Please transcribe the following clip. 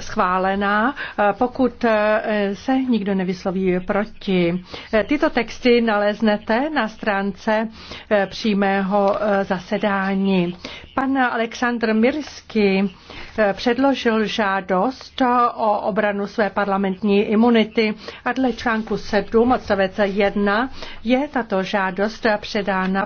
schválená, eh, pokud eh, se nikdo nevysloví proti. Eh, tyto texty naleznete na stránce přímého zasedání. Pan Aleksandr Mirsky předložil žádost o obranu své parlamentní imunity a dle článku 7 odstavec 1 je tato žádost předána